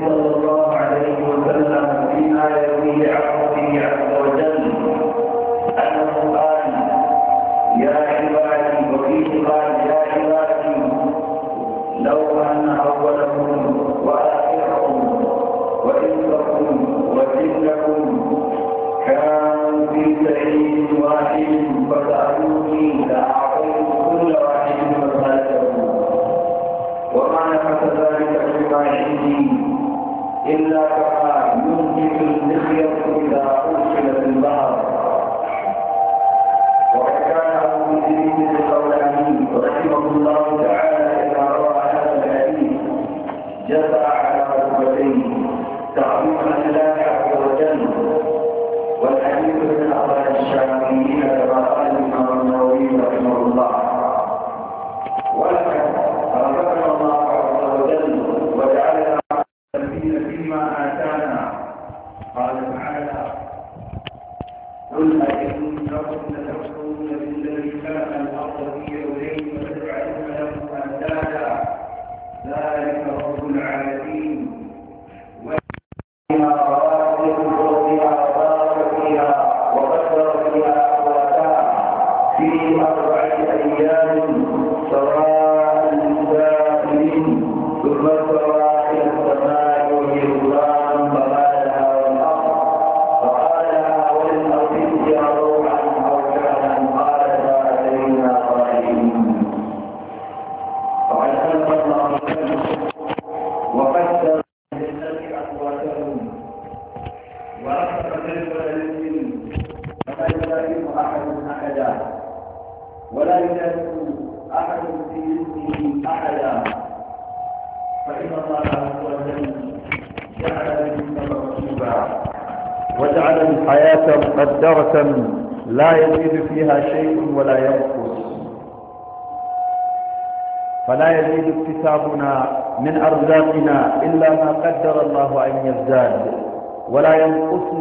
صلى الله عليه وسلم فيما يرويه عن ربه عز وجل انه قال يا عبادي وفيه قال يا عبادي لو ان اولكم واخركم وانسكم وجنكم كانوا في سعيد واحد فسالوني لاعطيت كل واحد مسالته وما نفس ذلك مما عندي إلا كما ينجز اللحية إذا أرسل في البحر وقد كان أبو إدريس الخولاني رحمه الله تعالى إذا روى هذا الحديث جزع على ركبتيه تعظيما لله عز وجل والحديث من أخبار الشافعيين كما قال الإمام النووي رحمه الله ولقد اكتسابنا من أرزاقنا إلا ما قدر الله أن يزداد ولا ينقص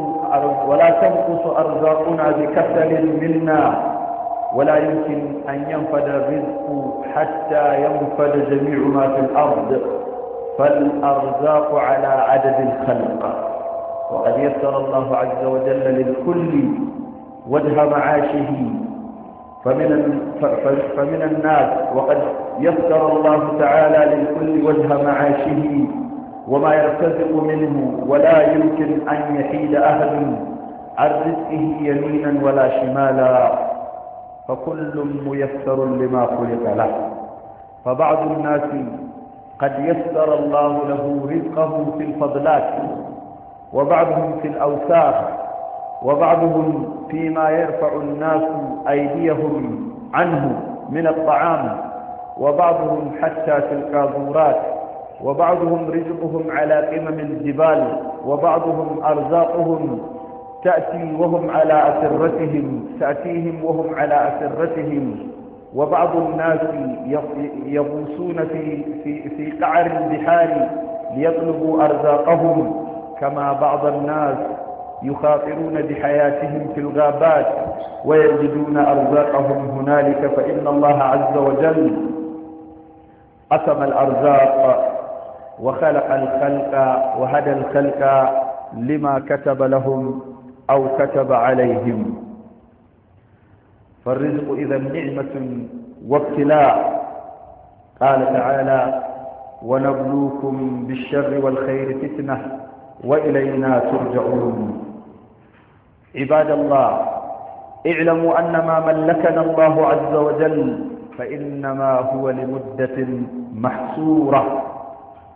ولا تنقص أرزاقنا بكسل منا ولا يمكن أن ينفد الرزق حتى ينفد جميع ما في الأرض فالأرزاق على عدد الخلق وقد يسر الله عز وجل للكل وجه معاشه فمن فمن الناس وقد يسر الله تعالى للكل وجه معاشه وما يرتزق منه ولا يمكن أن يحيد أحد عن رزقه يمينا ولا شمالا فكل ميسر لما خلق له فبعض الناس قد يسر الله له رزقه في الفضلات وبعضهم في الأوساخ وبعضهم فيما يرفع الناس أيديهم عنه من الطعام وبعضهم حتى في القاذورات وبعضهم رزقهم على قمم الجبال وبعضهم أرزاقهم تأتي وهم على أسرتهم تأتيهم وهم على أسرتهم وبعض الناس يغوصون في, في, في قعر البحار ليطلبوا أرزاقهم كما بعض الناس يخاطرون بحياتهم في الغابات ويجدون أرزاقهم هنالك فإن الله عز وجل قسم الأرزاق وخلق الخلق وهدى الخلق لما كتب لهم أو كتب عليهم فالرزق إذا نعمة وابتلاء قال تعالى ونبلوكم بالشر والخير فتنة وإلينا ترجعون عباد الله اعلموا أن ما ملكنا الله عز وجل فإنما هو لمدة محصورة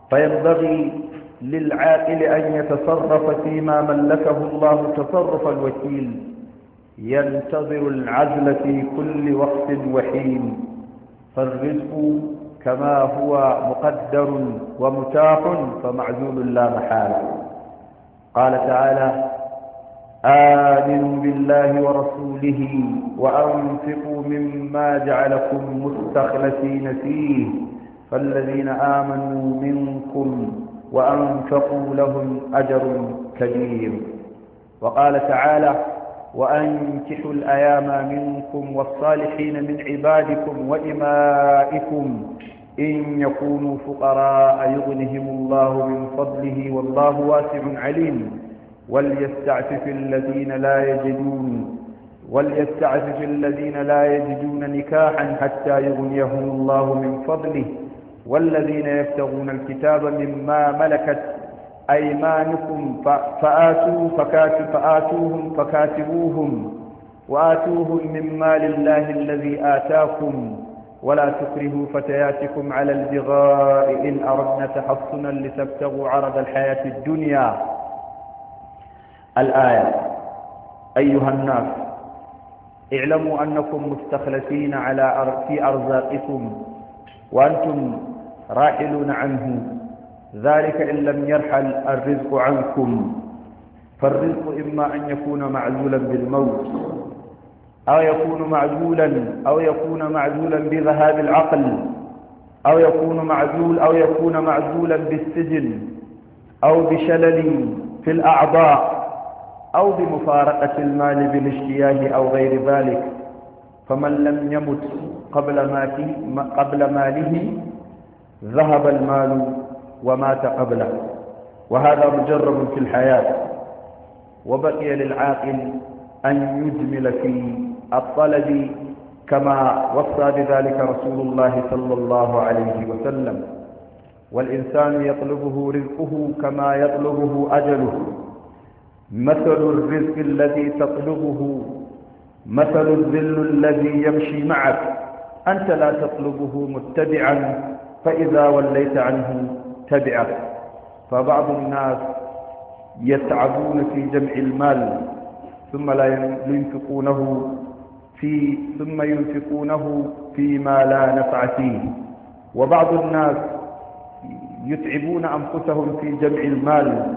فينبغي للعاقل أن يتصرف فيما ملكه الله تصرف الوكيل ينتظر العزل في كل وقت وحين فالرزق كما هو مقدر ومتاح فمعزول لا محالة قال تعالى آمنوا بالله ورسوله وأنفقوا مما جعلكم مستخلفين فيه فالذين آمنوا منكم وأنفقوا لهم أجر كبير وقال تعالى وأنكحوا الأيام منكم والصالحين من عبادكم وإمائكم إن يكونوا فقراء يغنهم الله من فضله والله واسع عليم وليستعفف الذين لا يجدون وليستعفف الذين لا يجدون نكاحا حتى يغنيهم الله من فضله والذين يبتغون الكتاب مما ملكت أيمانكم فآتوا فكاتب فآتوهم فكاتبوهم وآتوهم مما لله الذي آتاكم ولا تكرهوا فتياتكم على البغاء إن أردنا تحصنا لتبتغوا عرض الحياة الدنيا الآية أيها الناس اعلموا أنكم مستخلفين على في أرزاقكم وأنتم راحلون عنه ذلك إن لم يرحل الرزق عنكم فالرزق إما أن يكون معزولا بالموت أو يكون معزولا أو يكون معزولا بذهاب العقل أو يكون معزول أو يكون معزولا بالسجن أو بشلل في الأعضاء أو بمفارقة المال بالاشتياه أو غير ذلك فمن لم يمت قبل, مات قبل ماله ذهب المال ومات قبله وهذا مجرب في الحياة وبقي للعاقل أن يجمل في الطلب كما وصى بذلك رسول الله صلى الله عليه وسلم والإنسان يطلبه رزقه كما يطلبه أجله مثل الرزق الذي تطلبه مثل الذل الذي يمشي معك أنت لا تطلبه متبعا فإذا وليت عنه تبعك فبعض الناس يتعبون في جمع المال ثم لا ينفقونه في ثم ينفقونه فيما لا نفع فيه وبعض الناس يتعبون أنفسهم في جمع المال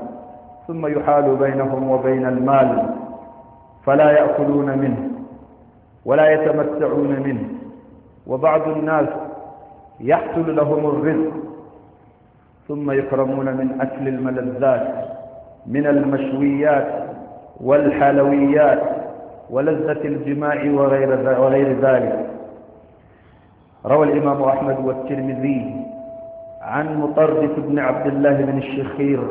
ثم يحال بينهم وبين المال فلا يأكلون منه ولا يتمتعون منه وبعض الناس يحصل لهم الرزق ثم يكرمون من أكل الملذات من المشويات والحلويات ولذة الجماع وغير, وغير ذلك روى الإمام أحمد والترمذي عن مطرف بن عبد الله بن الشخير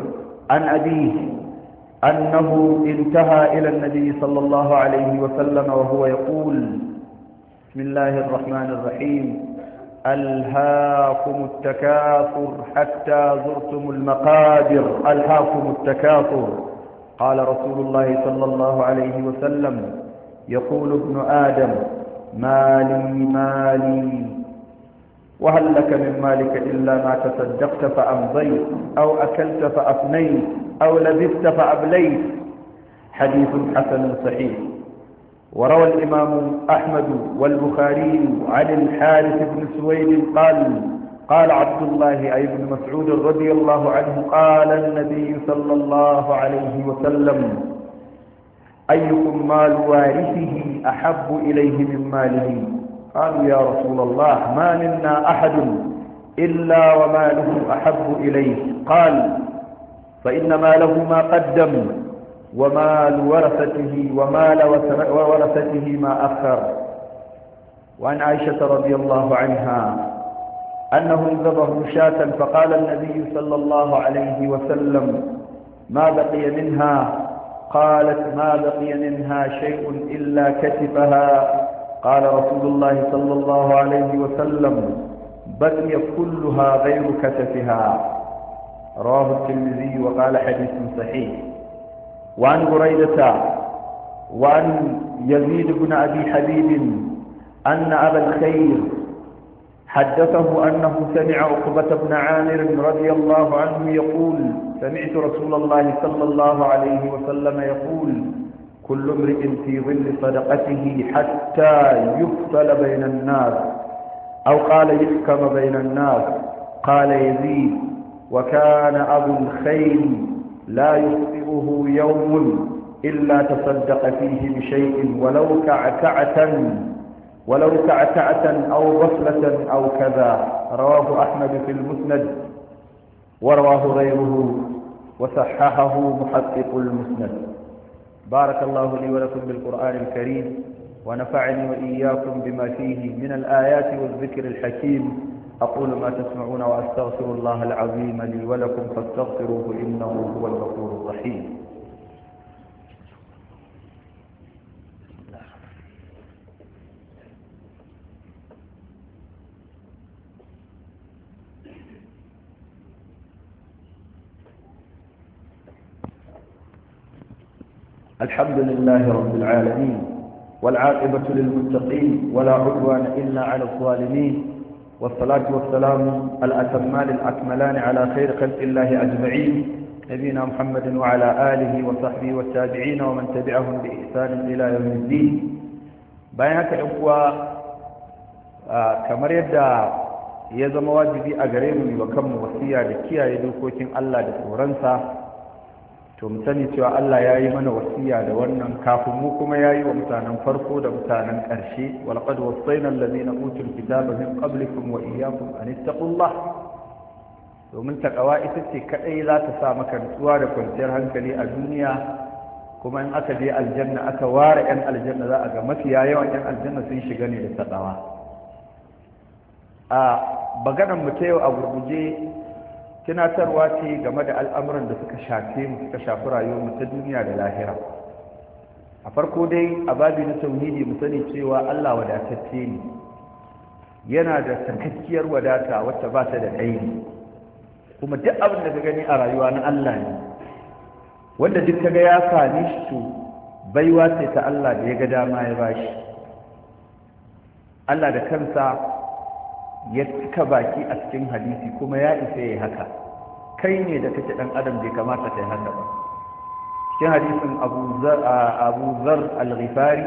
عن أبيه أنه انتهى إلى النبي صلى الله عليه وسلم وهو يقول بسم الله الرحمن الرحيم ألهاكم التكاثر حتى زرتم المقابر ألهاكم التكاثر قال رسول الله صلى الله عليه وسلم يقول ابن آدم مالي مالي وهل لك من مالك إلا ما تصدقت فأمضيت أو أكلت فأفنيت أو لبثت فأبليت حديث حسن صحيح وروى الإمام أحمد والبخاري عن الحارث بن سويد قال قال عبد الله أي بن مسعود رضي الله عنه قال النبي صلى الله عليه وسلم أيكم مال وارثه أحب إليه من ماله قالوا يا رسول الله ما منا أحد إلا وماله أحب إليه قال فإنما له ما قدم ومال ورثته ومال ورثته ما أخر وعن عائشة رضي الله عنها أنه انذبه شاة فقال النبي صلى الله عليه وسلم ما بقي منها قالت ما بقي منها شيء إلا كتفها قال رسول الله صلى الله عليه وسلم بقي كلها غير كتفها رواه الترمذي وقال حديث صحيح وعن بريدة وعن يزيد بن أبي حبيب أن أبا الخير حدثه أنه سمع عقبة بن عامر رضي الله عنه يقول سمعت رسول الله صلى الله عليه وسلم يقول كل امرئ في ظل صدقته حتى يفصل بين الناس أو قال يحكم بين الناس قال يزيد وكان أبو الخيل لا يخطئه يوم إلا تصدق فيه بشيء ولو كعكعة ولو كعكعة أو غفلة أو كذا رواه أحمد في المسند ورواه غيره وصححه محقق المسند بارك الله لي ولكم بالقرآن الكريم ونفعني وإياكم بما فيه من الآيات والذكر الحكيم أقول ما تسمعون وأستغفر الله العظيم لي ولكم فاستغفروه إنه هو الغفور الرحيم الحمد لله رب العالمين والعاقبة للمتقين ولا عدوان إلا على الظالمين والصلاة والسلام الأتمان الأكملان على خير خلق الله أجمعين نبينا محمد وعلى آله وصحبه والتابعين ومن تبعهم بإحسان إلى يوم الدين بيانك إخوة آه، كما yadda يزم واجبي wajibi وكم gare mu يدوكوكين الله wasiya to mu sani cewa Allah ya yi mana wasiya da wannan kafin mu kuma ya yi wa mutanen farko da mutanen ƙarshe walƙad wasaina na utul kitaba min qablikum wa iyyakum an domin taƙawa ita ce kaɗai za ta sa maka nutsuwa da kwanciyar hankali a duniya kuma in aka je aljanna aka ware yan aljanna za a ga mafiya yawan yan aljanna sun shiga ne da taɗawa? a baganan mu ta yau a gurguje tunatarwa ce game da al'amuran da suka shafe mu suka shafi rayuwar mu ta duniya da lahira a farko dai a babi na tauhidi mu sani cewa Allah wadatacce ne yana da sakakkiyar wadata wacce ba ta da ɗaini kuma duk abin da ka gani a rayuwa na Allah ne wanda duk ka ga ya sami shi to baiwa ce ta Allah da ya ga dama ya bashi Allah da kansa ya cika baki a cikin hadisi kuma ya isa ya haka kai ne da kake dan adam bai kamata yi haka ba cikin hadisin abu zar al-ghifari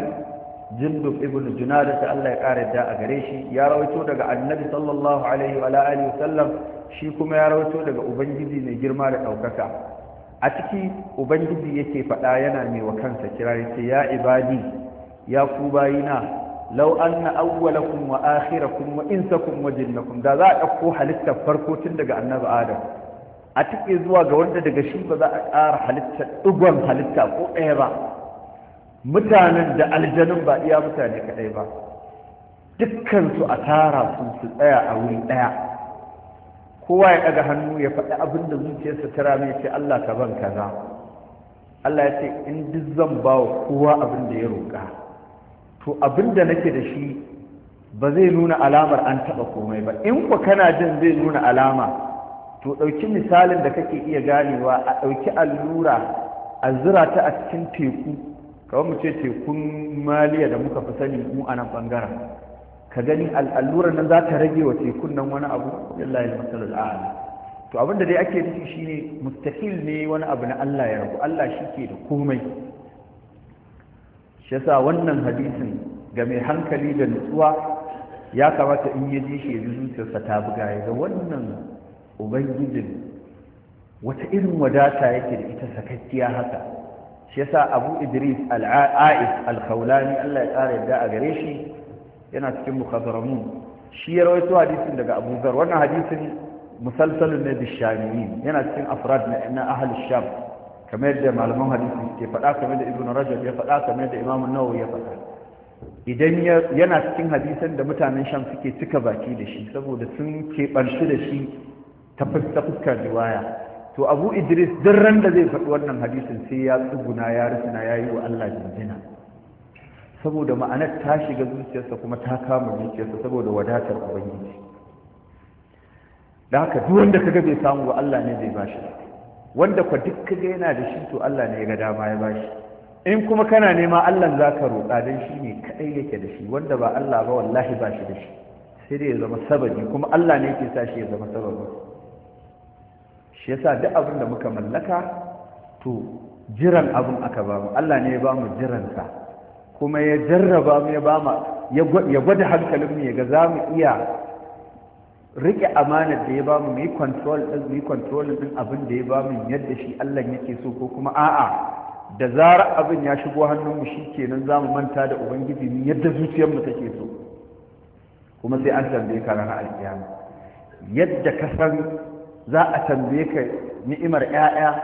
jindu ibn junada ta Allah ya kare da a gare shi ya rawaito daga annabi sallallahu alaihi wa alihi wasallam shi kuma ya rawaito daga ubangiji mai girma da daukaka a ciki ubangiji yake faɗa yana mai wa kansa kira yace ya ibadi ya ku bayina lau anna awwalakum wa akhirakum wa insakum wa jinnakum da za a ɗauko halittar farko tun daga annabi adam a tike zuwa ga wanda daga shi ba za a ƙara halitta ɗigon halitta ko ɗaya ba mutanen da aljanun ba iya mutane kadai ba dukkansu a tara su su tsaya a wuri ɗaya kowa ya ɗaga hannu ya faɗi abin da zuciyarsa ta rame ce Allah ka ban kaza Allah ya ce in duk zan ba wa kowa abin da ya roƙa to abinda nake da shi ba zai nuna alamar an taɓa komai ba in ku kana jin zai nuna alama to ɗauki misalin da kake iya ganewa a ɗauki allura a zura ta a cikin teku kawai mu ce tekun maliya da muka fi sani mu a nan ɓangaren ka gani allura nan za ta rage wa tekun nan wani abu lillahi masalul a'ala to abin da dai ake nufi shine mustahil ne wani abu na Allah ya rabu Allah shi ke da komai shi yasa wannan hadisin ga mai hankali da nutsuwa ya kamata in ya ji shi ya ji zuciyarsa ta buga ya ga wannan ubangijin wata irin wadata yake da ita sakakkiya haka shi yasa abu idris al'a'is al-khawlani Allah ya tsara yadda a gare shi yana cikin mukhazaramun shi ya rawaito hadisin daga abu zar wannan hadisin musalsalun ne bishamiyin yana cikin afrad na ahal sham kamar yadda malaman hadisi ke faɗa kamar da ibn rajab ya faɗa kamar da imam nawawi ya faɗa idan yana cikin hadisan da mutanen sham suke cika baki da shi saboda sun keɓanci da shi ta fuskar riwaya to abu idris duk ran da zai faɗi wannan hadisin sai ya tsuguna ya rusuna ya yi wa allah jinjina saboda ma'anar ta shiga zuciyarsa kuma ta kama zuciyarsa saboda wadatar ubangiji da haka duk wanda kaga bai samu wa allah ne zai bashi. wanda kwa duk kaga yana da shi to Allah ne ya ga dama ya bashi in kuma kana nema Allah za ka roƙa don shi ne kaɗai yake da shi wanda ba Allah ba wallahi ba shi da shi sai dai ya zama sababi kuma Allah ne yake sa shi ya zama sababi shi yasa duk abin da muka mallaka to jiran abin aka ba mu Allah ne ya ba mu jiransa kuma ya jarraba mu ya ba mu ya gwada hankalin mu ya ga za mu iya rike amanar da ya ba mu yi control din control din abin da ya ba mu yadda shi Allah yake so ko kuma a'a da zarar abin ya shigo hannun mu shi shikenan zamu manta da ubangiji mu yadda zuciyar mu take so kuma sai an tambaye ka ranar alƙiyama yadda ka san za a tambaye ka ni'imar 'ya'ya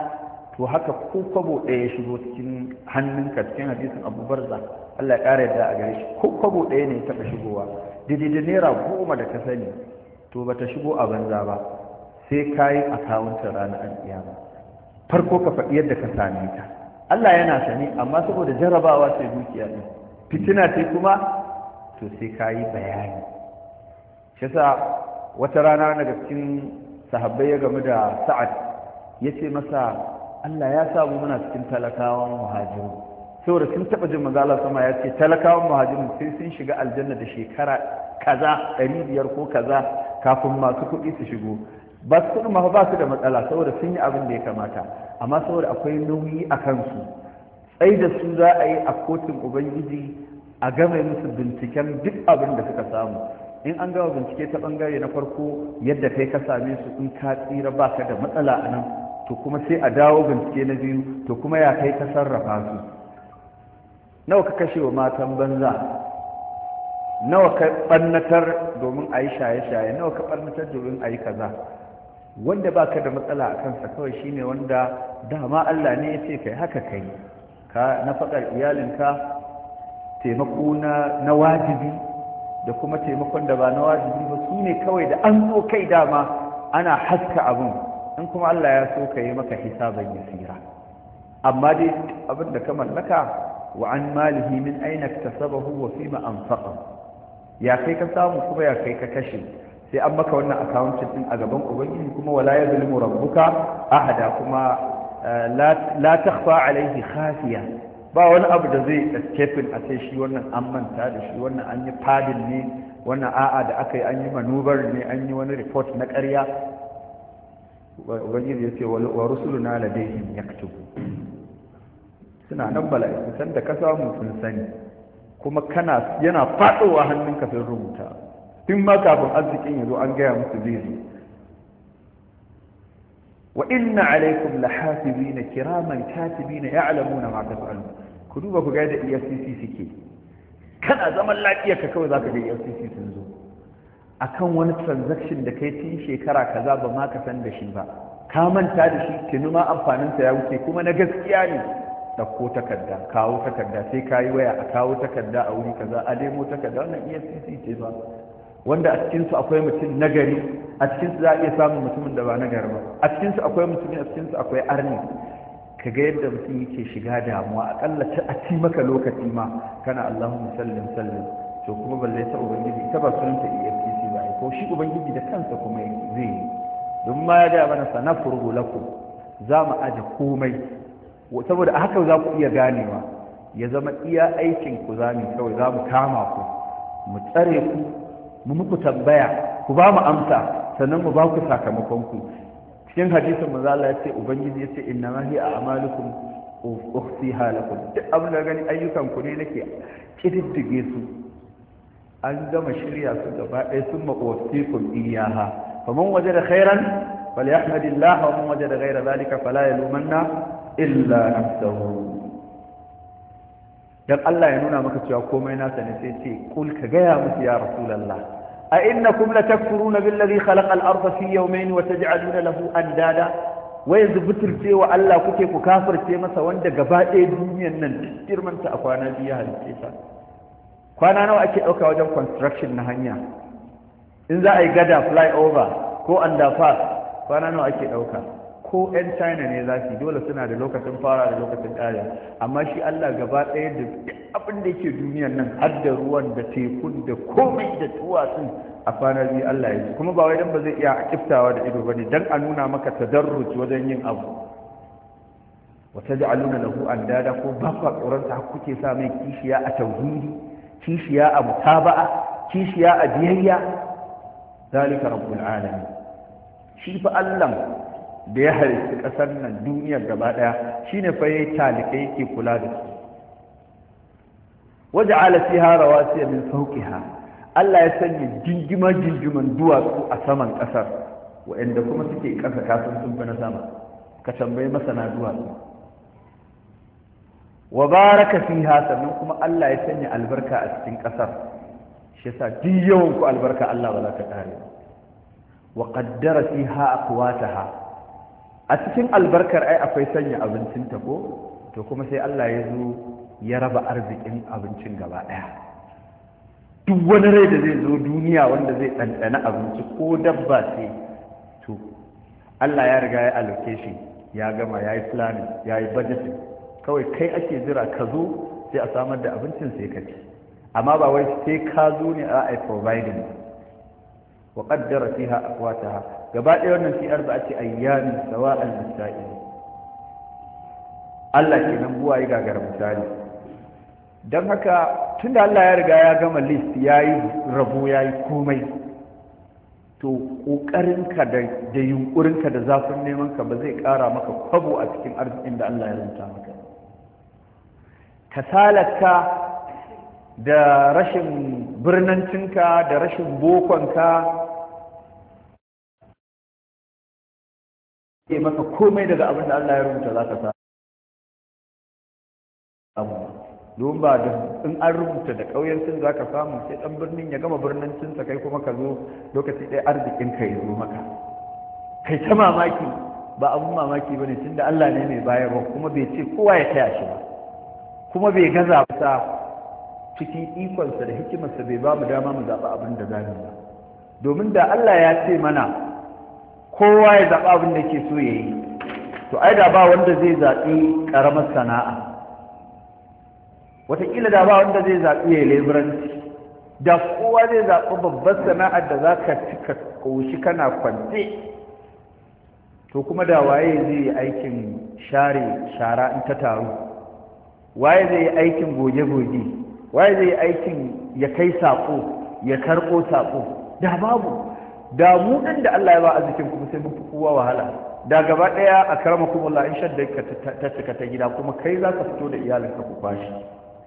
to haka ko kwabo ɗaya ya shigo cikin hannunka cikin hadisin Abu barza Allah ya ƙara yadda a gare shi ko kwabo ɗaya ne ya taɓa shigowa daidai da naira goma da ka sani to ba ta shigo a banza ba sai ka yi an ranar alƙiyama farko ka faɗi yadda ka same ta Allah yana sani amma saboda jarrabawa sai dukiya ne fitina ce kuma to sai ka yi bayani shi wata rana daga cikin sahabbai ya gamu da sa'ad ya ce masa Allah ya samu muna cikin talakawan muhajiru saboda sun taɓa jin Allah sama ya ce talakawan muhajiru sai sun shiga aljanna da shekara kaza ɗari biyar ko kaza kafin masu kuɗi su shigo ba su kuɗin ma ba su da matsala saboda sun yi abin da ya kamata amma saboda akwai nauyi a kansu tsai da su za a yi a kotun ubangiji a game musu binciken duk abin da suka samu in an gama bincike ta bangare na farko yadda kai ka same su in ka tsira ba ka da matsala a nan to kuma sai a dawo bincike na biyu to kuma ya kai ka sarrafa su nawa ka kashe wa matan banza nawa ka ɓannatar domin a yi shaye-shaye nawa ka ɓannatar domin a yi kaza wanda ba ka da matsala a kansa kawai shi ne wanda dama Allah ne ya ce kai haka kai ka na faɗar iyalinka taimako na wajibi da kuma taimakon da ba na wajibi ba su ne kawai da an zo kai dama ana haska abin in kuma Allah ya so ka yi maka ya tsira. amma dai abin da ka mallaka wa an malihi min aina iktasabahu wa fima anfaqahu ya kai ka samu kuma ya kai ka kashe sai an maka wannan accounting din a gaban ubangiji kuma wala ya yazlimu rabbuka ahada kuma eh, la takhfa alayhi khafiya ba wani abu da zai escaping a sai shi wannan an manta da shi wannan an yi fadin ne wannan a'a da aka yi an yi manubar ne an yi wani report na ƙarya ubangiji ya ce wa rusuluna ladayhim yaktubu suna nan bala'i san da ka samu sun sani kuma kana yana faɗowa hannunka sun rubuta tun ma kafin arzikin ya zo an gaya musu zai zo wa inna alaikum lahafizina kiraman katibina ya'lamuna ma taf'alun ku duba ku ga da EFCC suke kana zaman lafiya ka kawai zaka ga EFCC sun zo akan wani transaction da kai tun shekara kaza ba ma ka san da shi ba ka manta da shi tuni ma amfaninsa ya wuce kuma na gaskiya ne ɗauko takarda kawo takarda sai ka yi waya a kawo takarda a wuri kaza a nemo takarda wannan efcc ce ba wanda a cikinsu akwai mutum nagari a cikinsu za a iya samun mutumin da ba nagari ba a cikinsu akwai mutum a cikinsu akwai arni ka ga yadda mutum yake shiga damuwa akalla a ci maka lokaci ma kana allahumma sallim sallin. to kuma balle ta ubangiji ta ba sunanta efcc ba ko shi ubangiji da kansa kuma zai yi don ma ya da mana sana furgo lakum za mu aje komai saboda haka za ku iya ganewa ya zama iya aikin ku za mu kawai za mu kama ku mu tsare ku mu muku tambaya ku ba mu amsa sannan mu ba ku sakamakon ku cikin hadisin manzo ya ce ubangiji ya ce inna ma hiya a'malukum ukhsiha lakum duk abin da gani ayyukan ku ne nake kididdige su an gama shirya su gaba ɗaya sun maƙwasikum iyaha faman wajada khairan falyahmadillah wa man da ghayra zalika fala yalumanna illa nafsahu dan Allah ya nuna maka cewa komai nasa ne sai ce kul ka gaya musu ya rasulullah a innakum latakfuruna billazi khalaqa al-ardha fi yawmayn wa taj'aluna lahu andada wa yanzu ce wa Allah kuke ku kafirce masa wanda gaba ɗaya duniyar nan girman ta a kwana biyu halice ta kwana nawa ake ɗauka wajen construction na hanya in za a yi gada flyover ko underpass kwana nawa ake ɗauka ko 'yan china ne za su dole suna da lokacin fara da lokacin ɗaya amma shi allah gaba ɗaya da abin da yake duniyar nan har da ruwan da tekun da komai da duwatsun a kwanar biyu allah ya kuma ba wai dan ba zai iya a kiftawa da ido bane dan a nuna maka tadarruci wajen yin abu wata ja'aluna lahu andada ko ba ku ta kuke sa mai kishiya a tauhidi kishiya a mutaba'a kishiya a biyayya zalika rabbul alamin shi fa allah da ya haristi ƙasar nan duniyar gaba ɗaya shine ne fa ya talikai kula da su waje alasi harawa su min sauƙi ha Allah ya sanya jingima jingiman duwatsu a saman ƙasar waɗanda kuma suke ƙasa kasan sun fi na sama ka tambayi masana duwatsu wa baraka fiha sannan kuma Allah ya sanya albarka a cikin ƙasar shi yasa duk yawan ku albarka Allah ba za ka ƙare wa qaddara fiha aqwataha a cikin albarkar ai akwai sanya abincin ta ko to kuma sai Allah ya zo ya raba arzikin abincin gaba daya duk wani rai da zai zo duniya wanda zai ɗanɗana abinci ko dabba ce to Allah ya riga ya allocation ya gama ya yi planning ya yi budgeting kawai kai ake jira ka zo sai a samar da abincin sai ka ci amma ba wai sai ka zo ne a ai providing wa qaddara fiha aqwataha gaba ɗaya wannan fi arba'ati ayyamin sawa'an lissa'i Allah ke nan buwa yi gagara misali don haka tunda Allah ya riga ya gama list ya yi rabo ya yi komai to ƙoƙarinka da yunƙurinka da zafin neman ka ba zai ƙara maka kwabo a cikin arzikin da Allah ya rinta maka kasalarka da rashin birnancinka da rashin bokonka maka komai daga abin da Allah ya rubuta za ka samu don ba da in an rubuta da ƙauyen sun za ka samu sai ɗan birnin ya gama birnin ta kai kuma ka zo lokaci ɗaya arzikin ka ya zo maka kai ta mamaki ba abin mamaki ba ne tun da Allah ne mai bayarwa kuma bai ce kowa ya taya shi ba kuma bai gaza ba cikin ikonsa da hikimarsa bai ba mu dama mu zaɓi abin da za mu ba domin da Allah ya ce mana kowa ya zaɓa abin da ke so ya yi to ai da ba wanda zai zaɓi ƙaramar sana'a wataƙila da ba wanda zai zaɓi ya yi leburanci da kowa zai zaɓi babbar sana'ar da za ka ci ka ƙoshi kana kwance to kuma da waye zai yi aikin share shara in ta taru waye zai yi aikin goge-goge waye zai yi aikin ya kai saƙo ya karɓo saƙo da babu da mu ɗin da Allah ya ba arzikin kuma sai mun kowa wahala da gaba ɗaya a karama kuma la'in shan shadda ka ta ta gida kuma kai za ka fito da ka ku kwashi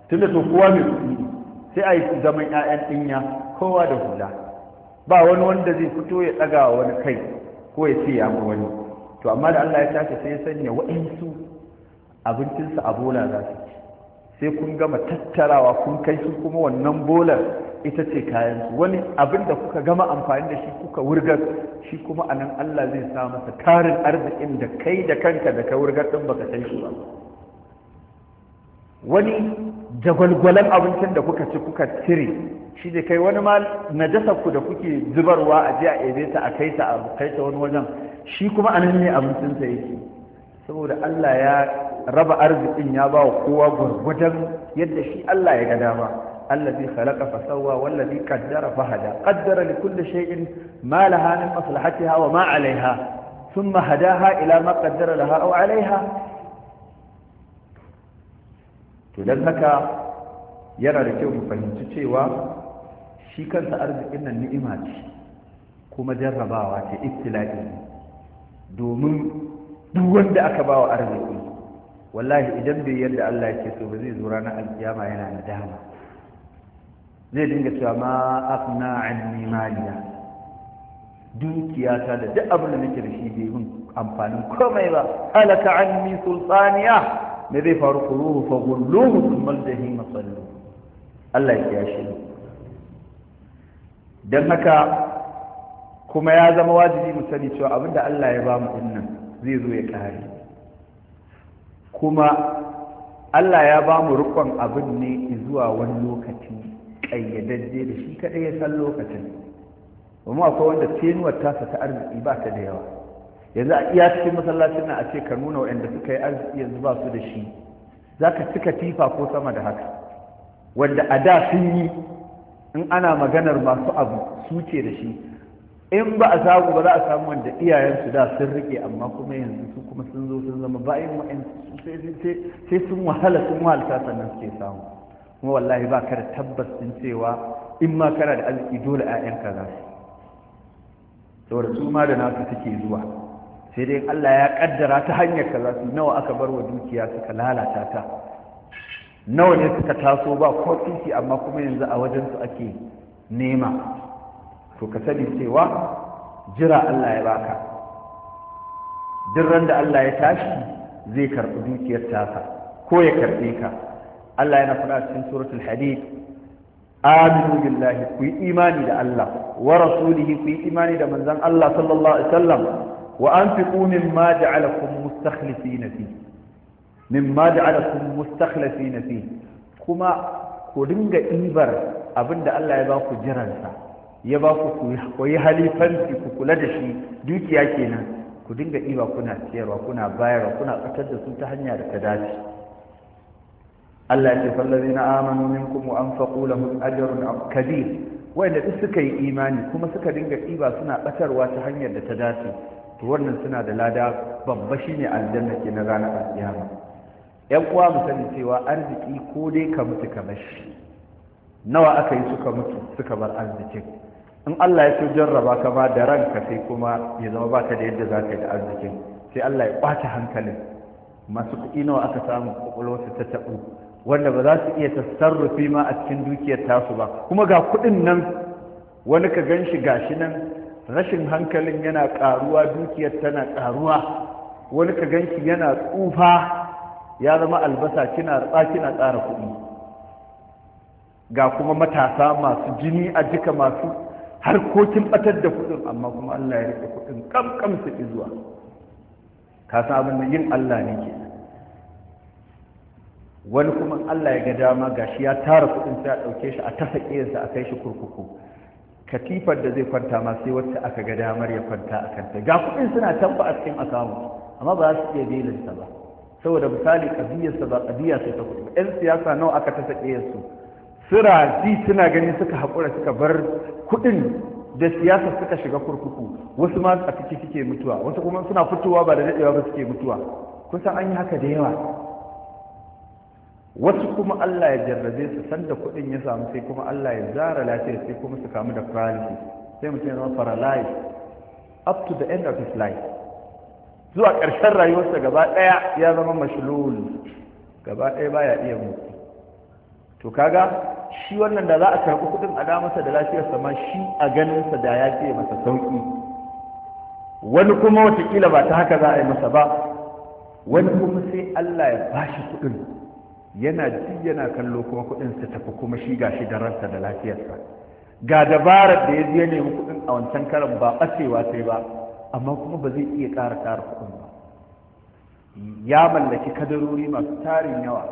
tunda to kowa mai kuɗi sai a yi zaman ƴaƴan ɗinya kowa da hula ba wani wanda zai fito ya ɗaga wani kai ko ya ce ya wani to amma da Allah ya tashi sai ya sanya wa'insu abincinsa a bola za su ci sai kun gama tattarawa kun kai su kuma wannan bolar ita ce kayansu wani abin da kuka gama amfani da shi kuka wurgar shi kuma a Allah zai sa masa tarin arzikin da kai da kanka da ka wurgar ɗin baka san shi ba wani jagwalgwalan abincin da kuka ci kuka cire shi da kai wani ma najasa ku da kuke zubarwa a je a ebe ta a kai ta a kai ta wani wajen shi kuma anan ne abincin ta yake saboda Allah ya raba arzikin ya ba kowa gwargwadon yadda shi Allah ya ga dama الذي خلق فسوى والذي قدر فهدى قدر لكل شيء ما لها من مصلحتها وما عليها ثم هداها إلى ما قدر لها أو عليها تدلك yana da kyau mu fahimci cewa shi kansa arzikin nan ni'ima ce kuma jarrabawa ce ibtila'i domin duk wanda aka bawa arziki wallahi idan bai yarda Allah yake so ba zai zo ranar alkiyama yana nadama zai dinga cewa ma afna anni maliya ta da duk abin da nake da shi bai mun amfanin komai ba halaka anni sultaniya me zai faru kuruhu fa gulluhu thumma al-jahim sallu Allah ya kiyashe ni Don haka kuma ya zama wajibi mu sani cewa abinda Allah ya ba mu bamu nan, zai zo ya kare kuma Allah ya ba mu rukun abin ne zuwa wani lokaci ƙayyadajje da shi kaɗai ya san lokacin domin akwai wanda tenuwar tasa ta arziki ba ta da yawa yanzu a iya cikin masallacin nan a ce ka nuna waɗanda suka yi arziki yanzu ba su da shi za ka cika tifa ko sama da haka wanda a da sun yi in ana maganar masu abu su ce da shi in ba a samu ba za a samu wanda iyayensu da sun rike amma kuma yanzu su kuma sun zo sun zama bayan wa'in sai sun wahala sun wahalta sannan suke samu kuma wallahi ba ka da tabbas din cewa in ma kana da arziki dole ƴaƴanka za su saboda su ma da nasu suke zuwa sai dai Allah ya kaddara ta hanyar ka za su nawa aka bar wa dukiya suka lalata ta nawa ne suka taso ba ko titi amma kuma yanzu a wajen su ake nema to ka sani cewa jira Allah ya baka duk randa Allah ya tashi zai karɓi dukiyar tasa ko ya karɓe ka Allah yana faɗa a cikin suratul hadid aminu billahi ku yi imani da Allah wa rasulihi ku yi imani da manzon Allah sallallahu alaihi wasallam wa anfiqu mimma ja'alakum mustakhlifina fi mimma ja'alakum mustakhlifina fi kuma ku dinga ibar abinda Allah ya ba ku jiransa ya ba ku ku halifanci ku kula da shi dukiya kenan ku dinga iba kuna siyarwa, kuna bayarwa kuna fitar da su ta hanya da ta dace Allah ce fallazina amanu minkum wa anfaqu lahum ajrun kabir wanda duk suka yi imani kuma suka dinga ɗiba suna batarwa ta hanyar da ta dace to wannan suna da lada babba shine aljanna ke na ranar alkiyama yan uwa mu sani cewa arziki ko dai ka mutu ka bashi nawa aka yi suka mutu suka bar arzikin in Allah ya so jarraba ka ma da ranka sai kuma ya zama baka da yadda za ka yi da arzikin sai Allah ya kwace hankalin masu kuɗi nawa aka samu su ta tabu wanda ba za su iya tasarrufi ma a cikin dukiyar tasu ba kuma ga kuɗin nan wani ka gan shi gashi nan rashin hankalin yana ƙaruwa dukiyar tana ƙaruwa wani ka gan shi yana tsufa ya zama albasa kina ratsa kina tsara kuɗi ga kuma matasa masu jini a jika masu harkokin batar da kuɗin amma kuma Allah ya rike kuɗin kam kam su zuwa ka san da yin Allah ne ke wani kuma Allah ya ga dama ga gashi ya tara kudin sai a dauke shi a tasa a kai shi kurkuku katifar da zai kwanta ma sai wacce aka ga damar ya kwanta a kanta ga kuɗin suna tamba a cikin akamu amma ba za su iya belinsa ba saboda misali ƙabiyarsa ba ƙabiya sai ta kuɗi ɗan siyasa nawa aka tasa su sura ji suna ganin suka haƙura suka bar kuɗin da siyasa suka shiga kurkuku wasu ma a ciki suke mutuwa wasu kuma suna fitowa ba da daɗewa ba suke mutuwa kusan an yi haka da yawa wasu kuma Allah ya jarrabe su sanda kuɗin ya samu sai kuma Allah ya zara lafiya sai kuma su kamu da paralysis sai mutum ya zama paralyzed up to the end of his life zuwa ƙarshen rayuwarsa gaba ɗaya ya zama mashlul gaba ɗaya baya iya mutu to kaga shi wannan da za a karɓi kuɗin a damarsa da lafiyarsa ma shi a ganinsa da ya fiye masa sauƙi wani kuma watakila ba ta haka za a yi masa ba wani kuma sai Allah ya bashi kuɗin yana ji yana kallo kuma kuɗin su tafi kuma shi ga shi da ransa da lafiyarsa ga dabarar da ya je nemi kuɗin a wancan karan ba ɓacewa sai ba amma kuma ba zai iya ƙara ƙara kuɗin ba ya mallaki kadarori masu tarin yawa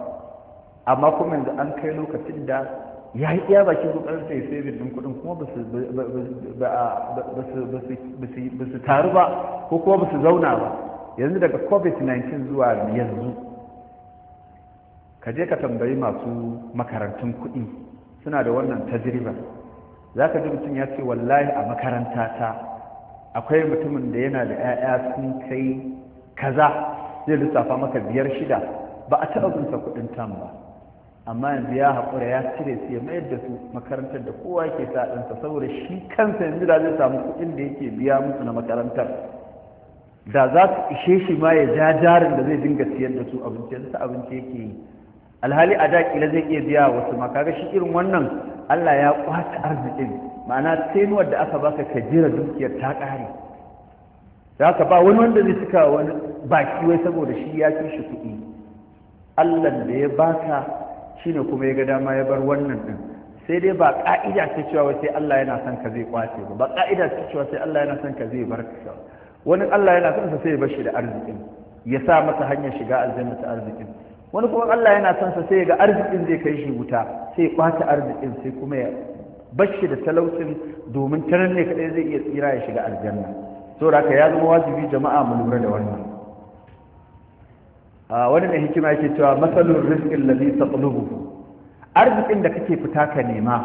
amma kuma yanzu an kai lokacin da ya yi iya bakin kokarin sai sai ɗin kuɗin kuma ba su taru ba ko kuma ba su zauna ba yanzu daga covid-19 zuwa yanzu ka je ka tambayi masu makarantun kuɗi suna da wannan tajriba za ka ji mutum ya ce wallahi a makaranta ta akwai mutumin da yana da 'ya'ya sun kai kaza zai lissafa maka biyar shida ba a taɓa binsa kuɗin tam ba amma yanzu ya haƙura ya cire su ya mayar da su makarantar da kowa ke sa saboda shi kansa yanzu da zai samu kuɗin da yake biya musu na makarantar da za su ishe shi ma ya ja jarin da zai dinga siyar da su abinci yanzu abinci yake yi alhali a da kila zai iya biya wasu ma kaga shi irin wannan Allah ya kwata arzikin ma'ana tenuwar da aka baka ka jira dukiyar ta ƙare za ka ba wani wanda zai cika wani baki wai saboda shi ya fi shi kuɗi Allah da ya baka shine kuma ya ga dama ya bar wannan din sai dai ba ka'ida ta cewa sai Allah yana son ka zai kwace ba ba ka'ida ta cewa sai Allah yana son ka zai bar ka wani Allah yana son sa sai ya bar shi da arzikin ya sa masa hanyar shiga aljanna ta arzikin wani kuma Allah yana son sa sai ga arzikin zai kai shi wuta sai ya kwace arzikin sai kuma ya bashi da talaucin domin taran ne kadai zai iya tsira ya shiga aljanna saboda ka ya zama wajibi jama'a mu lura da wannan a ah, wani mai hikima yake cewa masalul rizqil ladhi taqlubu arzikin da kake fita ka nema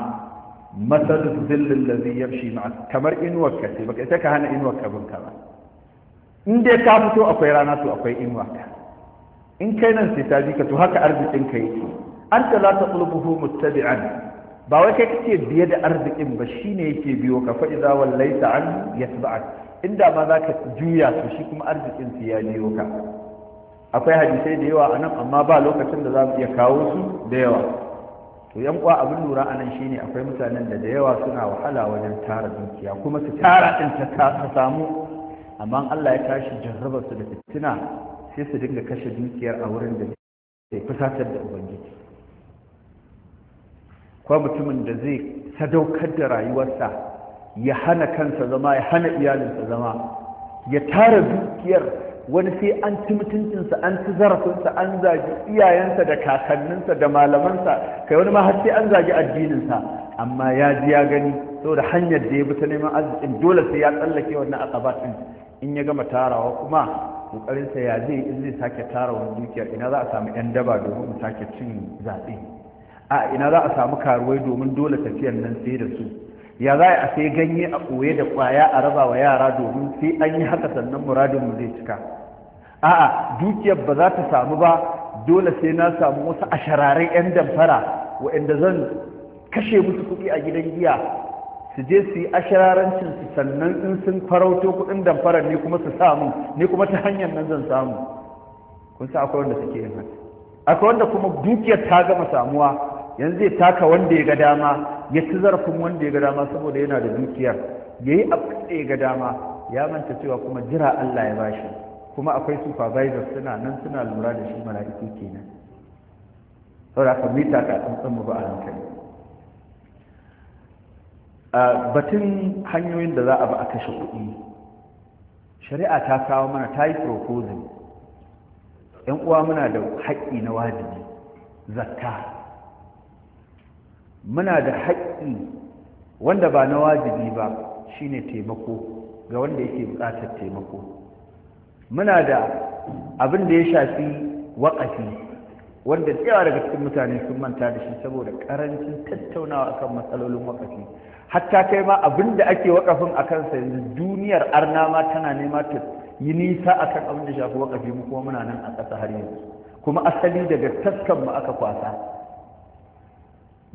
masalul zillil ladhi yamshi ma'a kamar inuwar ka sai baka ita ka hana inuwar ka ka ba in dai ka fito akwai rana to akwai inuwa ka in kai nan sai ta bi ka to haka arzikin ka yake anta la taqlubuhu muttabi'an ba wai kai kake biye da arzikin ba shine yake biyo ka fa idza wallaita an yatba'ak inda ma zaka juya to shi kuma arzikin su ya biyo ka akwai hadisai da yawa anan amma ba lokacin da za mu iya kawo su da yawa to yan abin lura anan shine akwai mutanen da da yawa suna wahala wajen tara dukiya kuma su tara din ta samu amma Allah ya tashi jarrabar su da fitina sai su dinga kashe dukiyar a wurin da zai fusatar da ubangiji ko mutumin da zai sadaukar da rayuwarsa ya hana kansa zama ya hana iyalinsa zama ya tara dukiyar wani sai an ci mutuncinsa an ci zarafinsa an zagi iyayensa da kakanninsa da malamansa kai wani ma har sai an zagi addininsa amma ya ji ya gani saboda hanyar da ya bi ta neman arzikin dole sai ya tsallake wannan akabatin in ya gama tarawa kuma sa ya zai in zai sake tara wani dukiyar ina za a samu 'yan daba domin sake cin zaɓe a ina za a samu karuwai domin dole tafiyar nan sai da su ya za a sai ganye a ɓoye da ƙwaya a raba wa yara domin sai an yi haka sannan muradin mu zai cika a'a dukiyar ba za ta samu ba dole sai na samu wasu ashararai 'yan damfara waɗanda zan kashe musu kuɗi a gidan giya su je su yi ashirarancin su sannan in sun farauto kuɗin damfarar ne kuma su samu ne kuma ta hanyar nan zan samu kun sa akwai wanda suke yin haka akwai wanda kuma dukiyar ta gama samuwa yanzu zai taka wanda ya ga dama ya ci zarafin wanda ya ga dama saboda yana da dukiyar ya yi abin da ya ga dama ya manta cewa kuma jira Allah ya bashi kuma akwai supervisor suna nan suna lura da shi mala'iku kenan saboda haka mita ka tsantsan mu ba a hankali batun hanyoyin da za a ba a kashe kuɗi shari'a ta kawo mana ta yi proposal yan uwa muna da haƙƙi na wajibi zakka muna da haƙƙi wanda ba na wajibi ba shine taimako ga wanda yake buƙatar taimako muna da abin da ya shafi waƙafi wanda tsayawa daga cikin mutane sun manta da shi saboda karancin tattaunawa akan matsalolin wakafi hatta kai ma abin da ake wakafin a kansa yanzu duniyar arna ma tana nema ta yi nisa akan abin da shafi wakafi mu kuma muna nan a ƙasa har yanzu kuma asali daga taskan mu aka kwasa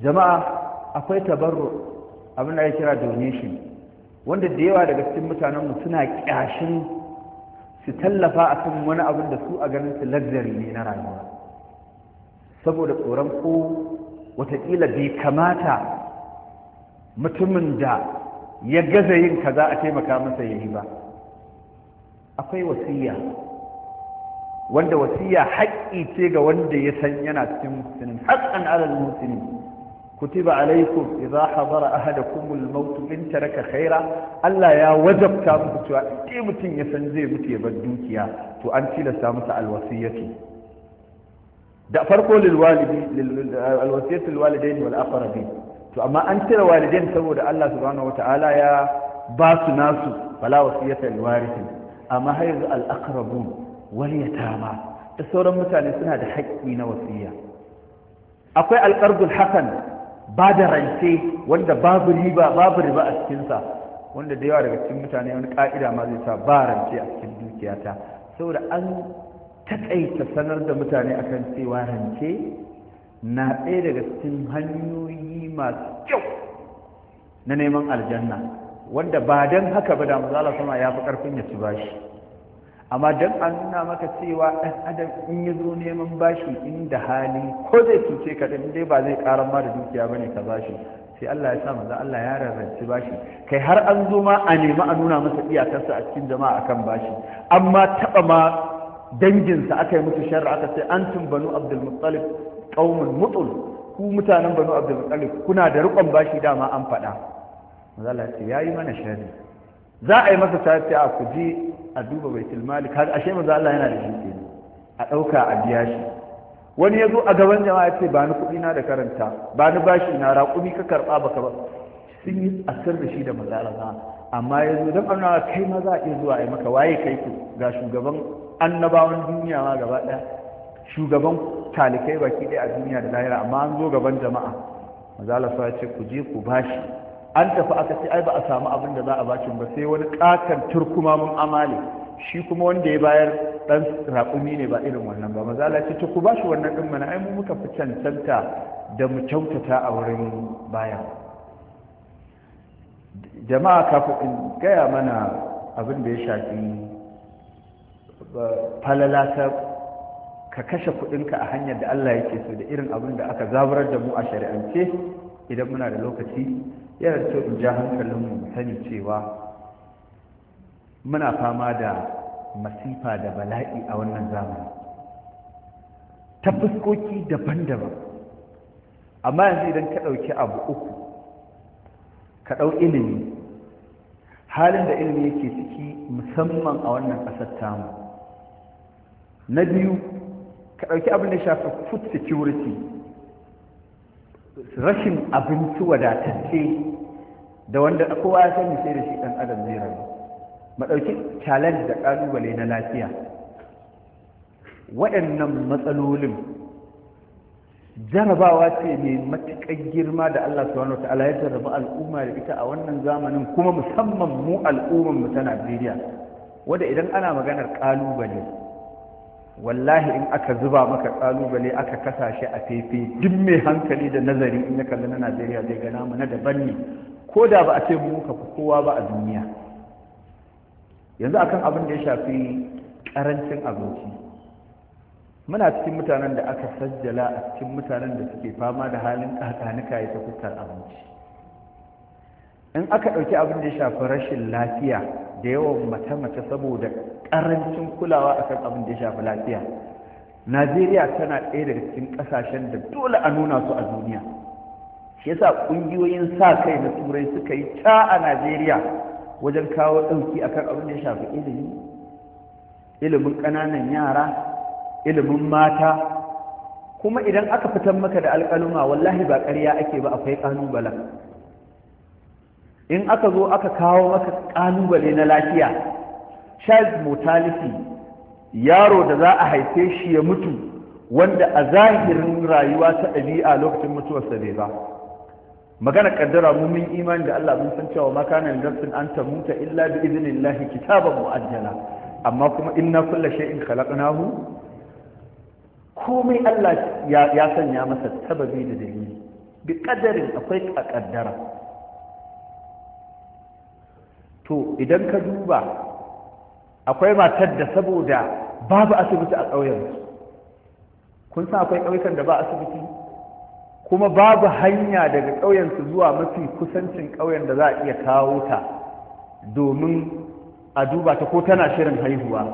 jama'a akwai tabarru abin da ya kira donation wanda da yawa daga cikin mutanen mu suna kyashin su tallafa akan wani abin da su a ganin su luxury ne na rayuwa saboda tsoron ko watakila bai kamata mutumin da ya gaza yin ka za a taimaka masa yi ba akwai wasiya wanda wasiya haƙƙi ce ga wanda ya san yana cikin musulmi haƙƙan alal musulmi kutiba alaikum idza hadara ahadakumul maut in taraka khaira Allah ya wajabta muku a in mutum ya san zai mutu ya bar dukiya to an tilasta masa alwasiyati da farko lilwasiyatul walidaini wal aqrabin to amma an cire walidain saboda Allah subhanahu wataala ya ba su nasu bala wasiyata lil amma har yanzu al aqrabun wal yatama da sauran mutane suna da haƙƙi na wasiya akwai al qardul hasan ba da rance wanda babu riba babu riba a cikin sa wanda da yawa daga cikin mutane wani ka'ida ma zai sa ba rance a cikin dukiyata saboda an takaita sanar da mutane akan cewa rance na ɗaya daga cikin hanyoyi masu kyau na neman aljanna wanda ba don haka ba da mazala sama ya fi ƙarfin ya ci bashi amma don an nuna maka cewa ɗan adam in ya zo neman bashi inda hali ko zai cuce ka ɗin dai ba zai ƙaran ma da dukiya ba ne ka bashi sai Allah ya sa maza Allah ya rarrace bashi kai har an zo ma a nemi a nuna masa iyakarsa a cikin jama'a akan bashi amma taɓa ma danginsa aka yi musu sharri aka ce antum banu abdul muttalib mutul ku mutanen banu abdul muttalib kuna da riƙon bashi dama an faɗa manzala ce yayi mana sharri za a yi masa tafi a ku ji a duba baitul malik har ashe maza yana da shi a ɗauka a biya shi wani ya zo a gaban jama'a ya ce ba ni kuɗi na da karanta ba ni bashi na raƙumi ka karɓa baka ba sun yi asar da shi da manzo Allah amma ya zo don annawa kai ma za a iya zuwa a yi maka waye kai ku ga shugaban annabawan duniya ma gaba ɗaya shugaban talikai baki ɗaya a duniya da lahira amma an zo gaban jama'a mazala sa ce ku je ku bashi an tafi aka ce ai ba a samu abin da za a bashin ba sai wani katan turkuma mun amale shi kuma wanda ya bayar dan raƙumi ne ba irin wannan ba mazala ce ku bashi wannan din mana ai mu muka fi cancanta da mu kyautata a wurin baya. jama'a kafin gaya mana abin da ya shafi falalata ka kashe kuɗinka a hanyar da Allah yake so da irin abin da aka zaburar da mu a shari'ance idan muna da lokaci yana da in ja hankalin mu sani cewa muna fama da masifa da bala'i a wannan zamani ta fuskoki daban-daban amma yanzu idan ka ɗauki abu uku ka ɗau ilimi halin da ilimi yake ciki musamman a wannan ƙasar tamu na biyu ka ɗauki abin da shafi food security rashin abinci wadatacce da wanda kowa ya sani sai da shi ɗan adam zai rayu maɗauki challenge da ƙalubale na lafiya waɗannan matsalolin jarabawa ce mai matuƙar girma da Allah subhanahu wa ta'ala ya jarraba al'umma da ita a wannan zamanin kuma musamman mu al'ummar mu ta Najeriya wanda idan ana maganar ƙalubale wallahi in aka zuba maka kalubale aka kasashe shi a fefe duk mai hankali da nazari in ya kalli na najeriya zai gana mu na daban ne ko da ba a ce mu ka kowa ba a duniya yanzu akan abin da ya shafi karancin abinci muna cikin mutanen da aka sajjala a cikin mutanen da suke fama da halin kakanuka ya ta fuskar abinci in aka ɗauki abin da ya shafi rashin lafiya da yawan mace-mace saboda ƙarancin kulawa akan abin da ya shafi lafiya najeriya tana ɗaya daga cikin ƙasashen da dole a nuna su a duniya shi yasa ƙungiyoyin sa kai na turai suka yi ca a najeriya wajen kawo ɗauki akan abin da ya shafi ilimi ilimin ƙananan yara ilimin mata kuma idan aka fitar maka da alƙaluma wallahi ba ƙarya ake ba akwai ƙalubalen in aka zo aka kawo maka ƙalubale na lafiya child mortality yaro da za a haife shi ya mutu wanda a zahirin rayuwa ta ɗabi'a lokacin mutuwarsa bai ba magana kaddara mu mun imani da Allah mun san cewa makanan nafsin an tamuta illa bi idnillahi kitaban muajjala amma kuma inna kulla shay'in khalaqnahu komai Allah ya sanya masa sababi da dalili bi kadarin akwai kaddara to idan ka duba akwai matar da saboda babu asibiti a ƙauyen kun san akwai ƙauyukan da ba asibiti kuma babu hanya daga ƙauyen su zuwa mafi kusancin ƙauyen da za a iya kawo ta domin a duba ta ko tana shirin haihuwa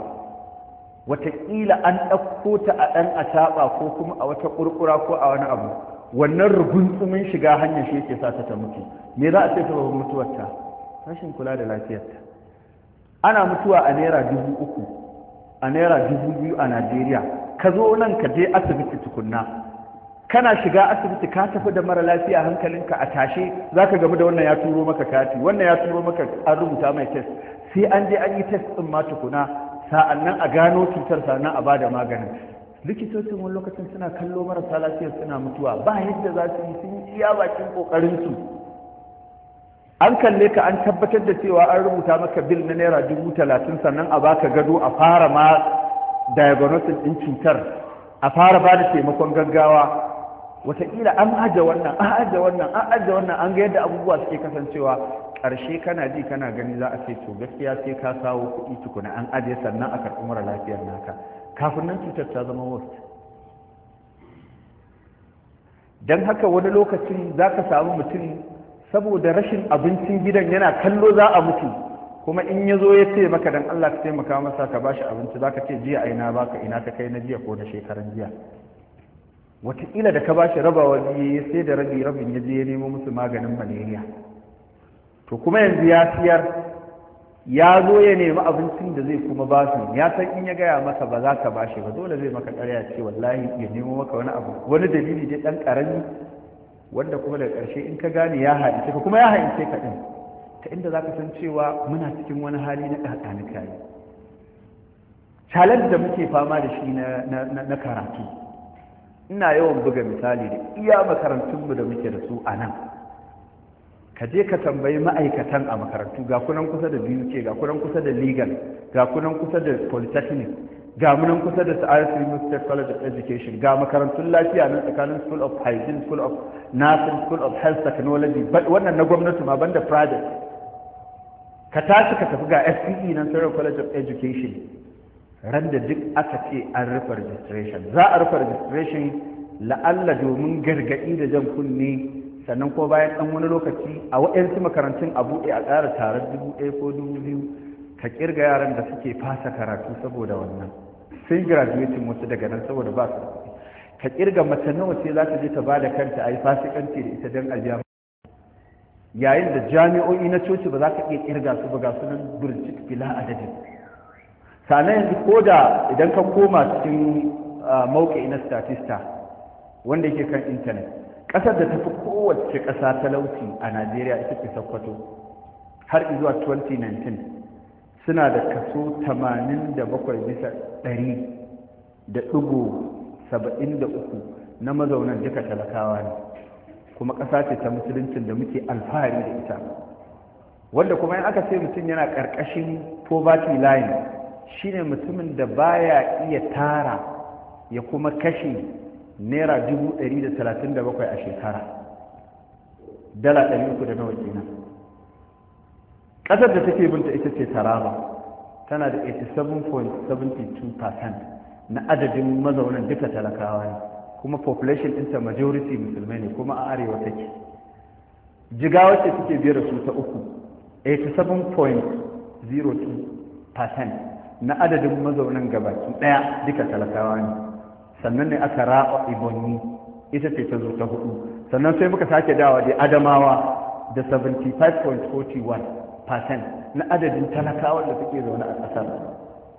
wataƙila an ɗauko ta a ɗan acaɓa ko kuma a wata ƙurƙura ko a wani abu wannan rugunsumin shiga hanyar shi yake sa ta mutu me za a ce ta babban mutuwarta rashin kula da lafiyarta ana mutuwa a naira dubu uku a naira dubu biyu a najeriya ka zo nan ka je asibiti tukunna kana shiga asibiti ka tafi da mara lafiya hankalinka a tashe za ka gamu da wannan ya turo maka kati wannan ya turo maka an rubuta mai test sai an je an yi test din ma tukuna sa'an nan a gano cutar sa'an a bada maganin likitocin wani lokacin suna kallo marasa lafiya suna mutuwa ba yadda za su yi sun yi iya bakin kokarin su an kalle ka an tabbatar da cewa an rubuta maka bil na naira dubu talatin sannan a baka gado a fara ma diagnosis ɗin cutar a fara ba da taimakon gaggawa watakila an aje wannan an aje wannan an aje wannan an ga yadda abubuwa suke kasancewa ƙarshe kana ji kana gani za a ce to gaskiya sai ka sawo kuɗi tukuna an aje sannan a karɓi mara lafiyar naka kafin nan cutar ta zama worst don haka wani lokacin za ka samu mutum saboda rashin abincin gidan yana kallo za a mutu kuma in ya zo ya ce maka dan Allah ka taimaka masa ka bashi abinci za ka ce jiya a ina baka ina ka kai na jiya ko na shekaran jiya wataƙila da ka bashi rabawa biyu sai da rabi rabin ya je ya nemo musu maganin malaria to kuma yanzu ya siyar ya zo ya nemi abincin da zai kuma ba su ya san in ya gaya maka ba za ka ba shi ba dole zai maka ƙarya ce wallahi ya nemo maka wani abu wani dalili dai ɗan ƙarami wanda kuma daga ƙarshe in ka gane ya halice ka kuma ya halice ka ɗin ta inda za ka san cewa muna cikin wani hali na ƙaƙani kayi challenge da muke fama da shi na karatu ina yawan buga misali da iya makarantunmu da muke da su a nan ka je ka tambayi ma'aikatan a makarantu ga kunan kusa da biyu ce ga kunan kusa da legal ga kunan kusa da polytechnic ga munan kusa da sa'adatu university college of education ga makarantun lafiya na tsakanin school of hygiene school of nursing school of health technology wannan na gwamnati ma banda private ka tashi ka tafi ga fce na sarrafa college of education ran da duk aka ce an rufe registration za a rufe registration la'alla domin gargaɗi da jan kunne sannan ko bayan ɗan wani lokaci a waɗansu makarantun a buɗe a ƙara tarar dubu ɗaya ko dubu biyu ka ƙirga yaran da suke fasa karatu saboda wannan sun graduate wasu daga nan saboda ba su ka kirga mace nawa ce za ta je ta ba da kanta a yi fasikanci da ita don ajiya yayin da jami'o'i na coci ba za ka iya kirga su ba ga su sunan burjik bila adadin sannan yanzu ko da idan ka koma cikin ah, mauki na statista wanda yake kan intanet ƙasar da ta fi kowace ƙasa talauci a najeriya ita ke Sakkwato, har zuwa 2019 suna da kaso 87 bisa 100 da ɗigo 73 na mazaunan duka talakawa ne kuma ƙasa ce ta musuluncin da muke alfahari da ita wanda kuma in aka ce mutum yana ƙarƙashin poverty line shine mutumin da baya iya tara ya kuma kashe naira 137 a shekara dala 300 da nawa kenan ƙasar da take binta ita ce taraba tana da 87.72% na adadin mazaunan duka talakawa ne kuma population ɗinta majority musulmai ne kuma a arewa take jigawa ce take biyar da su ta uku 87.02% na adadin mazaunan gabaki ɗaya duka talakawa ne sannan ne aka ra'a ibonni ita ce ta zo ta hudu sannan sai muka sake dawa da adamawa da 75.41 50% na adadin talakawar da suke zaune a ƙasar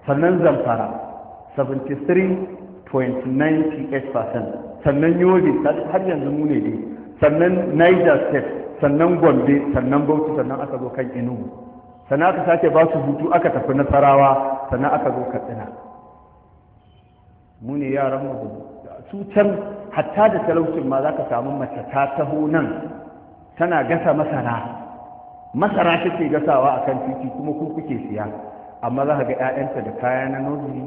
sannan zamfara 73.98% sannan yobe har yanzu mu ne dai sannan niger state sannan gombe sannan bauchi sannan aka zo kan enugu sannan aka sake ba su hutu aka tafi nasarawa sannan aka zo katsina mu ne yaran mu su can hatta da talaucin ma za ka samu mace ta taho nan tana gasa masara masara take gasawa a kan titi kuma ku kuke siya amma za ka ga 'ya'yanta da kaya na nursery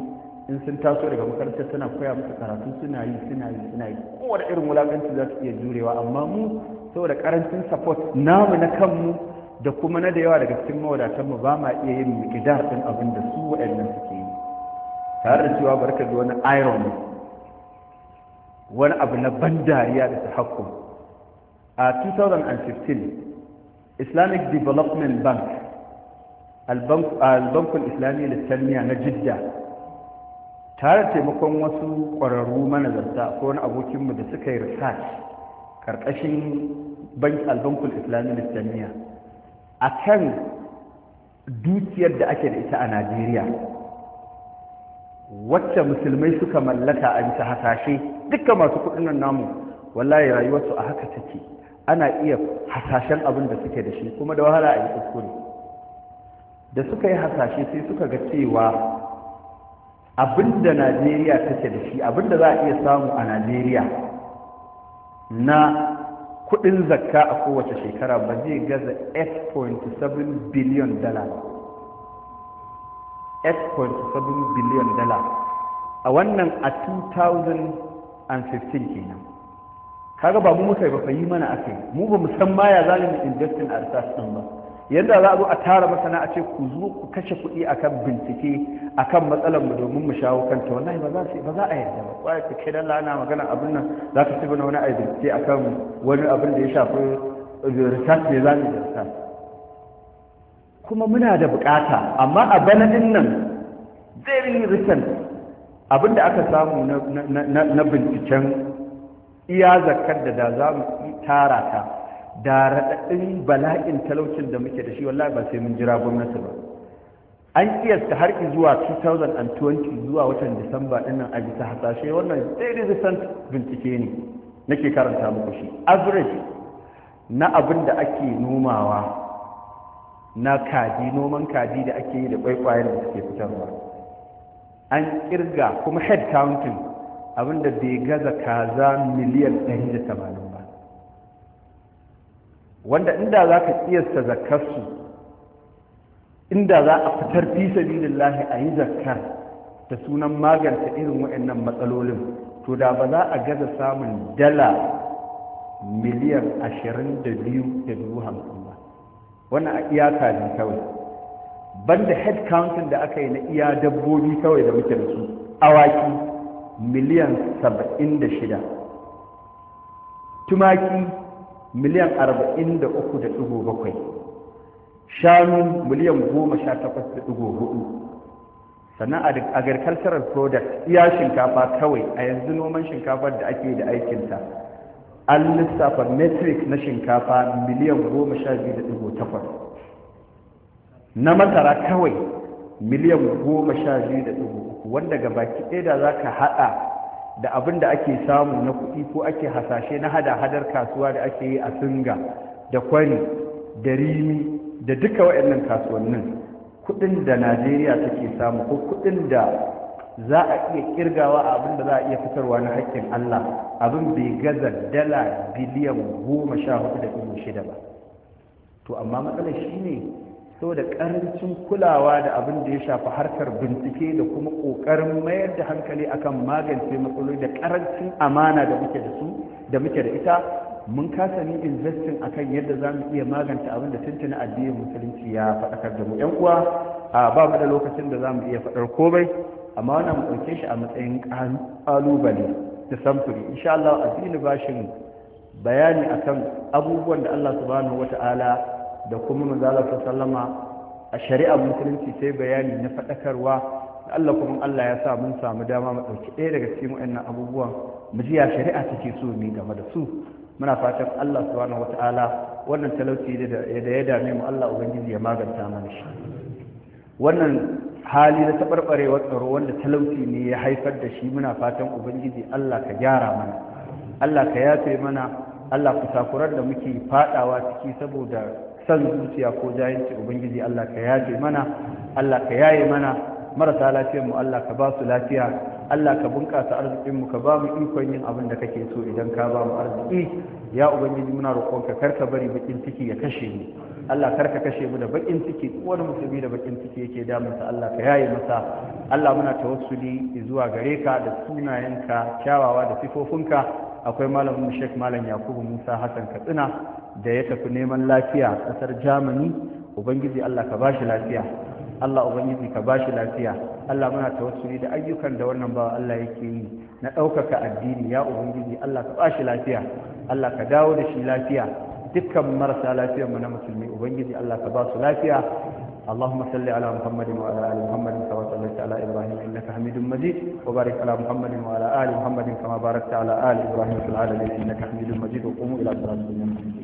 in sun taso daga makarantar suna koya musu karatu suna yi suna yi suna yi kowane irin wulakanci za su iya jurewa amma mu saboda karancin support namu na kanmu da kuma na da yawa daga cikin mawadatanmu ba ma iya yin miƙidar ɗin abin da su waɗannan suke yi tare da cewa barka da wani iron wani abu na ban dariya da ta hakku a 2015 islamic development bank albankul islami littanniya na jidda tare taimakon wasu ƙwararru manazarta ko wani abokinmu da suka yi research ƙarƙashin albankun islami littanniya a kan dukiyar da ake da ita a najeriya wacce musulmai suka mallaka a bisa hasashe duka masu kudin namu wallahi rayuwarsu a haka take ana iya hasashen abin da suke da shi kuma da wahala a yi kuskure da suka yi hasashe sai suka ga cewa abin da najeriya take da shi abin da za a iya samu a najeriya na kudin zakka a kowace shekara ba zai gaza 8.7 billion dala 8.7 billion dollars, a wannan a 2015 kenan kaga ba mu muka yi ba fa yi mana akai mu ba mu san ma ya mu investing a research din ba yadda za a zo a tara masana a ce ku zo ku kashe kuɗi akan bincike akan matsalar mu domin mu shawo kanta wallahi ba za su ba za a yarda ba kwaya ka kai dalla ana magana abin nan za ka tabbana wani a bincike akan wani abin da ya shafi eh, research ne za mu yi research kuma muna da bukata amma a bana din nan very recent abin da aka samu na binciken iya zakkar da da za mu tara ta da raɗaɗin bala'in talaucin da muke da shi wallahi ba sai mun jira gwamnati ba an kiyasta har zuwa 2020 zuwa watan disamba dinnan a bisa hasashe wannan daily san bincike ne nake karanta muku shi average na abin da ake nomawa na kaji noman kaji da ake yi da kwaikwayen da suke fitarwa an kirga kuma head counting abinda bai gaza kaza miliyan 180 ba wanda inda za ka kiyasta zakarsu inda za a fitar fi sabilillahi a yi zakar da sunan maganta irin waɗannan matsalolin to da ba za a gaza samun dala miliyan 22.50 ba wannan a iyaka ne kawai banda headcounting da aka yi na iya dabbobi kawai da muke da su awaki miliyan saba'in da shida tumaki miliyan arba'in da uku da ɗigo bakwai shanu miliyan goma sha takwas da ɗigo hudu sannan agricultural product iya shinkafa kawai a yanzu noman shinkafar da ake da aikinta an lissafa metric na shinkafa miliyan goma sha biyu da ɗigo takwas na matara kawai miliyan goma sha biyu da ɗigo wanda ga baki ɗaya da za ka haɗa da abin da ake samu na kuɗi ko ake hasashe na hada-hadar kasuwa da ake yi a singa da kwari da rimi da duka waɗannan kasuwannin kuɗin da najeriya take samu ko kuɗin da za a iya ƙirgawa a abin da za a iya fitarwa na haƙƙin allah abin bai gaza dala biliyan goma sha hudu da ɗigo shida ba to amma matsalar shi ne so da ƙarancin kulawa da abin da ya shafi harkar bincike da kuma ƙoƙarin mayar da hankali akan magance matsaloli da ƙarancin amana da muke da su da muke da ita mun kasa ni investin akan yadda za mu iya magance abin da tuntuna addinin musulunci ya faɗakar da mu yan uwa a ba mu da lokacin da za mu iya faɗar komai amma wannan mu ɗauke shi a matsayin ƙalubale da samfuri insha Allah addini bashin bayani akan abubuwan da Allah subhanahu wata'ala da kuma manzala sallama a shari'ar musulunci sai bayani na faɗakarwa da Allah kuma Allah ya sa mun samu dama mu ɗauki ɗaya daga cikin waɗannan abubuwan mu ji ya shari'a take so ne game da su muna fatan Allah subhanahu wata'ala wannan talauci da ya dame mu Allah ubangiji ya maganta mana shi wannan hali na taɓarɓarewar tsaro wanda talauci ne ya haifar da shi muna fatan ubangiji Allah ka gyara mana Allah ka yafe mana Allah ku sakurar da muke faɗawa ciki saboda san zuciya ko jahilci ubangiji Allah ka yaje mana Allah ka yaye mana marasa lafiyar mu Allah ka ba su lafiya Allah ka bunƙasa arzikin mu ka ba mu ikon yin abin da kake so idan ka ba mu arziki ya ubangiji muna roƙonka kar ka bari bakin ciki ya kashe mu Allah kar kashe mu da bakin ciki wani musulmi da bakin ciki yake damunsa Allah ka yaye masa Allah muna tawassuli zuwa gare ka da sunayenka kyawawa da sifofinka akwai malamin Sheikh Malam Yakubu Musa Hassan Katsina da ya tafi neman lafiya ƙasar Germany ubangiji Allah ka bashi lafiya Allah ubangiji ka bashi lafiya Allah muna tawassuli da ayyukan da wannan bawa Allah yake yi na ɗaukaka addini ya ubangiji Allah ka bashi lafiya Allah ka dawo da shi lafiya dukkan marasa lafiyar mu na musulmi ubangiji Allah ka ba su lafiya اللهم صل على محمد وعلى ال محمد كما صليت على ابراهيم انك حميد مجيد وبارك على محمد وعلى ال محمد كما باركت على ال ابراهيم في العالمين انك حميد مجيد وقوموا الى صلاه الجميع